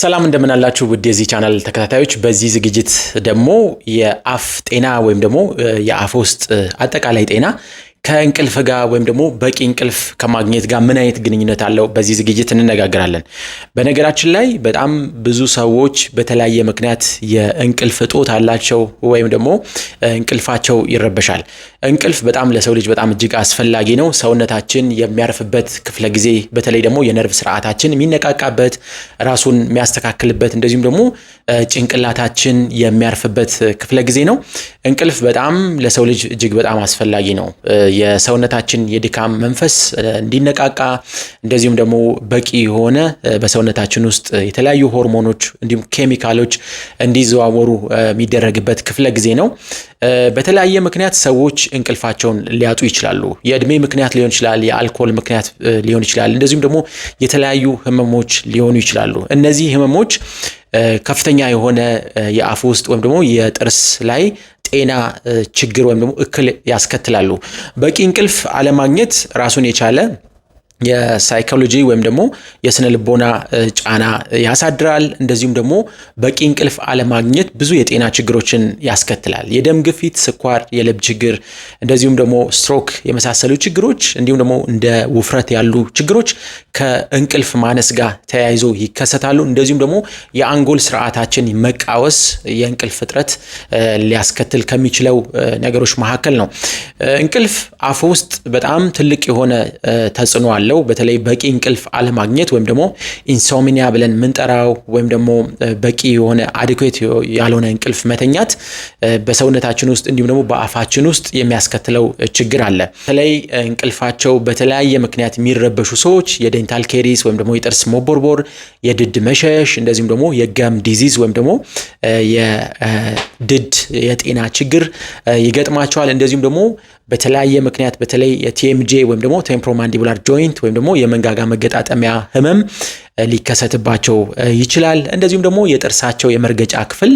ሰላም እንደምናላችሁ ውድ የዚህ ቻናል ተከታታዮች፣ በዚህ ዝግጅት ደግሞ የአፍ ጤና ወይም ደግሞ የአፍ ውስጥ አጠቃላይ ጤና ከእንቅልፍ ጋር ወይም ደግሞ በቂ እንቅልፍ ከማግኘት ጋር ምን አይነት ግንኙነት አለው? በዚህ ዝግጅት እንነጋገራለን። በነገራችን ላይ በጣም ብዙ ሰዎች በተለያየ ምክንያት የእንቅልፍ እጦት አላቸው ወይም ደግሞ እንቅልፋቸው ይረበሻል። እንቅልፍ በጣም ለሰው ልጅ በጣም እጅግ አስፈላጊ ነው። ሰውነታችን የሚያርፍበት ክፍለ ጊዜ በተለይ ደግሞ የነርቭ ስርዓታችን የሚነቃቃበት ራሱን የሚያስተካክልበት እንደዚሁም ደግሞ ጭንቅላታችን የሚያርፍበት ክፍለ ጊዜ ነው። እንቅልፍ በጣም ለሰው ልጅ እጅግ በጣም አስፈላጊ ነው። የሰውነታችን የድካም መንፈስ እንዲነቃቃ እንደዚሁም ደግሞ በቂ የሆነ በሰውነታችን ውስጥ የተለያዩ ሆርሞኖች እንዲሁም ኬሚካሎች እንዲዘዋወሩ የሚደረግበት ክፍለ ጊዜ ነው። በተለያየ ምክንያት ሰዎች እንቅልፋቸውን ሊያጡ ይችላሉ። የእድሜ ምክንያት ሊሆን ይችላል፣ የአልኮል ምክንያት ሊሆን ይችላል፣ እንደዚሁም ደግሞ የተለያዩ ህመሞች ሊሆኑ ይችላሉ። እነዚህ ህመሞች ከፍተኛ የሆነ የአፍ ውስጥ ወይም ደግሞ የጥርስ ላይ ጤና ችግር ወይም ደግሞ እክል ያስከትላሉ። በቂ እንቅልፍ አለማግኘት ራሱን የቻለ የሳይኮሎጂ ወይም ደግሞ የስነ ልቦና ጫና ያሳድራል። እንደዚሁም ደግሞ በቂ እንቅልፍ አለማግኘት ብዙ የጤና ችግሮችን ያስከትላል። የደም ግፊት፣ ስኳር፣ የልብ ችግር እንደዚሁም ደግሞ ስትሮክ የመሳሰሉ ችግሮች እንዲሁም ደግሞ እንደ ውፍረት ያሉ ችግሮች ከእንቅልፍ ማነስ ጋር ተያይዞ ይከሰታሉ። እንደዚሁም ደግሞ የአንጎል ስርዓታችን መቃወስ የእንቅልፍ እጥረት ሊያስከትል ከሚችለው ነገሮች መካከል ነው። እንቅልፍ አፍ ውስጥ በጣም ትልቅ የሆነ ተጽዕኖ አለ። ያለው በተለይ በቂ እንቅልፍ አለማግኘት ወይም ደግሞ ኢንሶሚኒያ ብለን ምንጠራው ወይም ደግሞ በቂ የሆነ አዲኩዌት ያልሆነ እንቅልፍ መተኛት በሰውነታችን ውስጥ እንዲሁም ደግሞ በአፋችን ውስጥ የሚያስከትለው ችግር አለ። በተለይ እንቅልፋቸው በተለያየ ምክንያት የሚረበሹ ሰዎች የዴንታል ኬሪስ ወይም ደግሞ የጥርስ መቦርቦር፣ የድድ መሸሽ እንደዚሁም ደግሞ የገም ዲዚዝ ወይም ደግሞ ድድ የጤና ችግር ይገጥማቸዋል። እንደዚሁም ደግሞ በተለያየ ምክንያት በተለይ የቲኤምጄ ወይም ደግሞ ቴምፕሮማንዲቡላር ጆይንት ወይም ደግሞ የመንጋጋ መገጣጠሚያ ህመም ሊከሰትባቸው ይችላል። እንደዚሁም ደግሞ የጥርሳቸው የመርገጫ ክፍል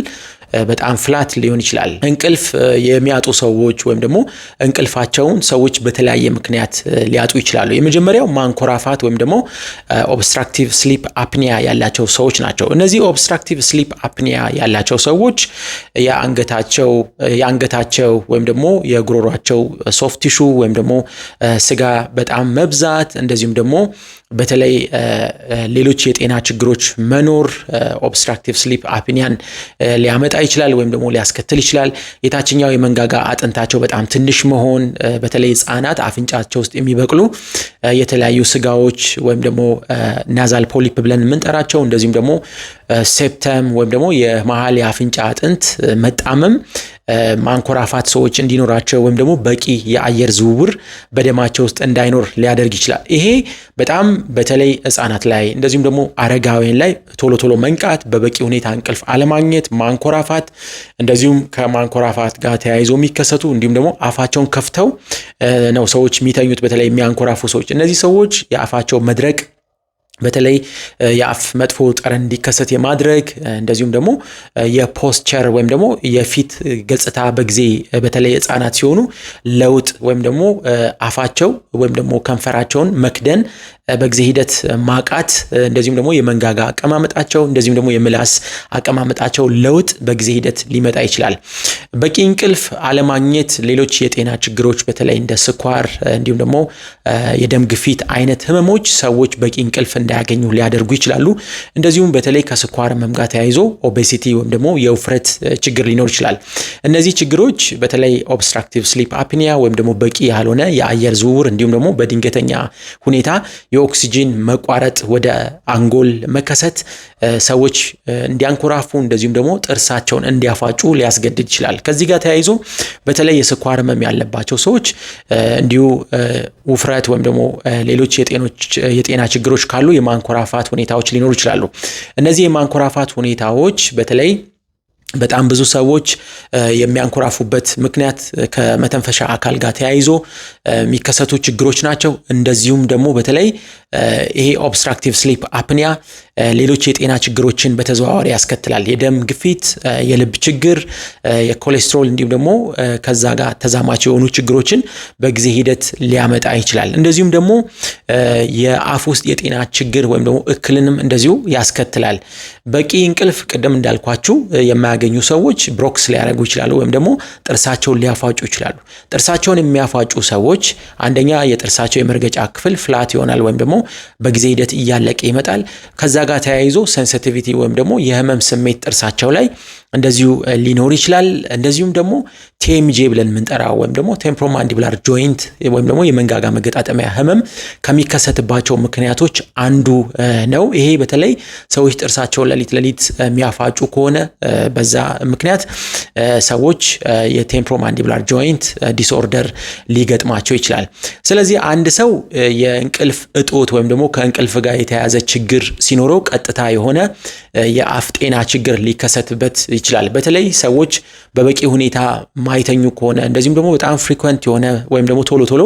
በጣም ፍላት ሊሆን ይችላል። እንቅልፍ የሚያጡ ሰዎች ወይም ደግሞ እንቅልፋቸውን ሰዎች በተለያየ ምክንያት ሊያጡ ይችላሉ። የመጀመሪያው ማንኮራፋት ወይም ደግሞ ኦብስትራክቲቭ ስሊፕ አፕኒያ ያላቸው ሰዎች ናቸው። እነዚህ ኦብስትራክቲቭ ስሊፕ አፕኒያ ያላቸው ሰዎች የአንገታቸው የአንገታቸው ወይም ደግሞ የጉሮሯቸው ሶፍት ቲሹ ወይም ደግሞ ስጋ በጣም መብዛት እንደዚሁም ደግሞ በተለይ ሌሎች የጤና ችግሮች መኖር ኦብስትራክቲቭ ስሊፕ አፕኒያን ሊያመጣ ይችላል ወይም ደግሞ ሊያስከትል ይችላል። የታችኛው የመንጋጋ አጥንታቸው በጣም ትንሽ መሆን፣ በተለይ ህጻናት አፍንጫቸው ውስጥ የሚበቅሉ የተለያዩ ስጋዎች ወይም ደግሞ ናዛል ፖሊፕ ብለን የምንጠራቸው እንደዚሁም ደግሞ ሴፕተም ወይም ደግሞ የመሀል የአፍንጫ አጥንት መጣመም ማንኮራፋት ሰዎች እንዲኖራቸው ወይም ደግሞ በቂ የአየር ዝውውር በደማቸው ውስጥ እንዳይኖር ሊያደርግ ይችላል። ይሄ በጣም በተለይ ህጻናት ላይ እንደዚሁም ደግሞ አረጋውያን ላይ ቶሎ ቶሎ መንቃት፣ በበቂ ሁኔታ እንቅልፍ አለማግኘት፣ ማንኮራፋት እንደዚሁም ከማንኮራፋት ጋር ተያይዞ የሚከሰቱ እንዲሁም ደግሞ አፋቸውን ከፍተው ነው ሰዎች የሚተኙት፣ በተለይ የሚያንኮራፉ ሰዎች እነዚህ ሰዎች የአፋቸው መድረቅ በተለይ የአፍ መጥፎ ጠረን እንዲከሰት የማድረግ እንደዚሁም ደግሞ የፖስቸር ወይም ደግሞ የፊት ገጽታ በጊዜ በተለይ ህጻናት ሲሆኑ ለውጥ ወይም ደግሞ አፋቸው ወይም ደግሞ ከንፈራቸውን መክደን በጊዜ ሂደት ማቃት እንደዚሁም ደግሞ የመንጋጋ አቀማመጣቸው እንደዚሁም ደግሞ የምላስ አቀማመጣቸው ለውጥ በጊዜ ሂደት ሊመጣ ይችላል። በቂ እንቅልፍ አለማግኘት ሌሎች የጤና ችግሮች በተለይ እንደ ስኳር እንዲሁም ደግሞ የደም ግፊት አይነት ህመሞች ሰዎች በቂ እንቅልፍ እንዳያገኙ ሊያደርጉ ይችላሉ። እንደዚሁም በተለይ ከስኳር ህመም ጋር ተያይዞ ኦቤሲቲ ወይም ደግሞ የውፍረት ችግር ሊኖር ይችላል። እነዚህ ችግሮች በተለይ ኦብስትራክቲቭ ስሊፕ አፕኒያ ወይም ደግሞ በቂ ያልሆነ የአየር ዝውውር እንዲሁም ደግሞ በድንገተኛ ሁኔታ የኦክሲጂን መቋረጥ ወደ አንጎል መከሰት ሰዎች እንዲያንኮራፉ እንደዚሁም ደግሞ ጥርሳቸውን እንዲያፋጩ ሊያስገድድ ይችላል። ከዚህ ጋር ተያይዞ በተለይ የስኳር ህመም ያለባቸው ሰዎች እንዲሁ ውፍረት ወይም ደግሞ ሌሎች የጤና ችግሮች ካሉ የማንኮራፋት ሁኔታዎች ሊኖሩ ይችላሉ። እነዚህ የማንኮራፋት ሁኔታዎች በተለይ በጣም ብዙ ሰዎች የሚያንኮራፉበት ምክንያት ከመተንፈሻ አካል ጋር ተያይዞ የሚከሰቱ ችግሮች ናቸው። እንደዚሁም ደግሞ በተለይ ይሄ ኦብስትራክቲቭ ስሊፕ አፕኒያ ሌሎች የጤና ችግሮችን በተዘዋዋሪ ያስከትላል። የደም ግፊት፣ የልብ ችግር፣ የኮሌስትሮል እንዲሁም ደግሞ ከዛ ጋር ተዛማች የሆኑ ችግሮችን በጊዜ ሂደት ሊያመጣ ይችላል። እንደዚሁም ደግሞ የአፍ ውስጥ የጤና ችግር ወይም ደግሞ እክልንም እንደዚሁ ያስከትላል። በቂ እንቅልፍ ቅድም እንዳልኳችሁ የማያ ያገኙ ሰዎች ብሮክስ ሊያደርጉ ይችላሉ፣ ወይም ደግሞ ጥርሳቸውን ሊያፋጩ ይችላሉ። ጥርሳቸውን የሚያፋጩ ሰዎች አንደኛ የጥርሳቸው የመርገጫ ክፍል ፍላት ይሆናል፣ ወይም ደግሞ በጊዜ ሂደት እያለቀ ይመጣል። ከዛ ጋር ተያይዞ ሴንሲቲቪቲ ወይም ደግሞ የህመም ስሜት ጥርሳቸው ላይ እንደዚሁ ሊኖር ይችላል። እንደዚሁም ደግሞ ቴምጄ ብለን የምንጠራው ወይም ደግሞ ቴምፕሮማንዲብላር ጆይንት ወይም ደግሞ የመንጋጋ መገጣጠሚያ ህመም ከሚከሰትባቸው ምክንያቶች አንዱ ነው። ይሄ በተለይ ሰዎች ጥርሳቸውን ለሊት ለሊት የሚያፋጩ ከሆነ በዛ በዛ ምክንያት ሰዎች ማንዲብላር ጆይንት ዲስኦርደር ሊገጥማቸው ይችላል። ስለዚህ አንድ ሰው የእንቅልፍ እጦት ወይም ደግሞ ከእንቅልፍ ጋር የተያያዘ ችግር ሲኖረው ቀጥታ የሆነ የአፍ ጤና ችግር ሊከሰትበት ይችላል። በተለይ ሰዎች በበቂ ሁኔታ ማይተኙ ከሆነ እንደዚሁም ደግሞ በጣም ፍሪኩዌንት የሆነ ወይም ደግሞ ቶሎ ቶሎ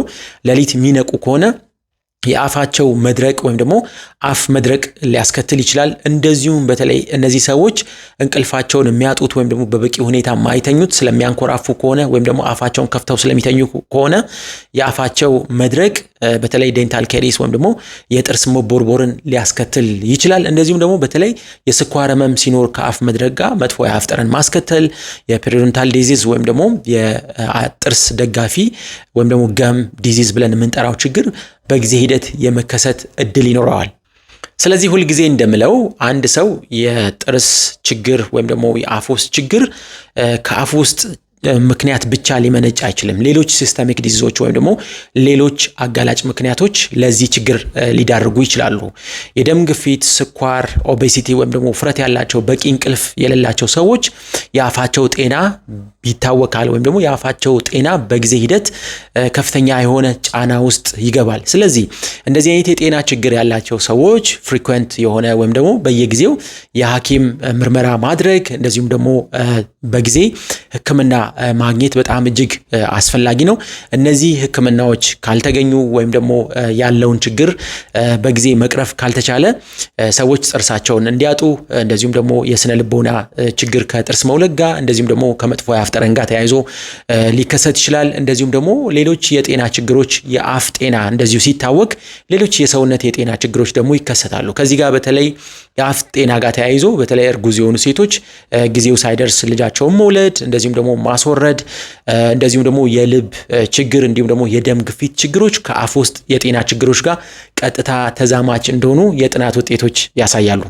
ሌሊት የሚነቁ ከሆነ የአፋቸው መድረቅ ወይም ደግሞ አፍ መድረቅ ሊያስከትል ይችላል። እንደዚሁም በተለይ እነዚህ ሰዎች እንቅልፋቸውን የሚያጡት ወይም ደግሞ በበቂ ሁኔታ ማይተኙት ስለሚያንኮራፉ ከሆነ ወይም ደግሞ አፋቸውን ከፍተው ስለሚተኙ ከሆነ የአፋቸው መድረቅ በተለይ ዴንታል ኬሪስ ወይም ደግሞ የጥርስ መቦርቦርን ሊያስከትል ይችላል። እንደዚሁም ደግሞ በተለይ የስኳር ህመም ሲኖር ከአፍ መድረቅ ጋር መጥፎ የአፍ ጠረን ማስከተል፣ የፔሪዶንታል ዲዚዝ ወይም ደግሞ የጥርስ ደጋፊ ወይም ደግሞ ገም ዲዚዝ ብለን የምንጠራው ችግር በጊዜ ሂደት የመከሰት እድል ይኖረዋል። ስለዚህ ሁልጊዜ እንደምለው አንድ ሰው የጥርስ ችግር ወይም ደግሞ የአፍ ውስጥ ችግር ከአፍ ውስጥ ምክንያት ብቻ ሊመነጭ አይችልም። ሌሎች ሲስተሚክ ዲዚዞች ወይም ደግሞ ሌሎች አጋላጭ ምክንያቶች ለዚህ ችግር ሊዳርጉ ይችላሉ። የደም ግፊት፣ ስኳር፣ ኦቤሲቲ ወይም ደግሞ ውፍረት ያላቸው በቂ እንቅልፍ የሌላቸው ሰዎች የአፋቸው ጤና ይታወካል ወይም ደግሞ የአፋቸው ጤና በጊዜ ሂደት ከፍተኛ የሆነ ጫና ውስጥ ይገባል። ስለዚህ እንደዚህ አይነት የጤና ችግር ያላቸው ሰዎች ፍሪኩዌንት የሆነ ወይም ደግሞ በየጊዜው የሐኪም ምርመራ ማድረግ እንደዚሁም ደግሞ በጊዜ ሕክምና ማግኘት በጣም እጅግ አስፈላጊ ነው። እነዚህ ህክምናዎች ካልተገኙ ወይም ደግሞ ያለውን ችግር በጊዜ መቅረፍ ካልተቻለ ሰዎች ጥርሳቸውን እንዲያጡ እንደዚሁም ደግሞ የስነ ልቦና ችግር ከጥርስ መውለድ ጋር እንደዚሁም ደግሞ ከመጥፎ የአፍ ጠረን ጋር ተያይዞ ሊከሰት ይችላል። እንደዚሁም ደግሞ ሌሎች የጤና ችግሮች የአፍ ጤና እንደዚሁ ሲታወቅ ሌሎች የሰውነት የጤና ችግሮች ደግሞ ይከሰታሉ። ከዚህ ጋር በተለይ የአፍ ጤና ጋር ተያይዞ በተለይ እርጉዝ የሆኑ ሴቶች ጊዜው ሳይደርስ ልጃቸውን መውለድ እንደዚሁም ደግሞ ማስ ማስወረድ እንደዚሁም ደግሞ የልብ ችግር እንዲሁም ደግሞ የደም ግፊት ችግሮች ከአፍ ውስጥ የጤና ችግሮች ጋር ቀጥታ ተዛማች እንደሆኑ የጥናት ውጤቶች ያሳያሉ።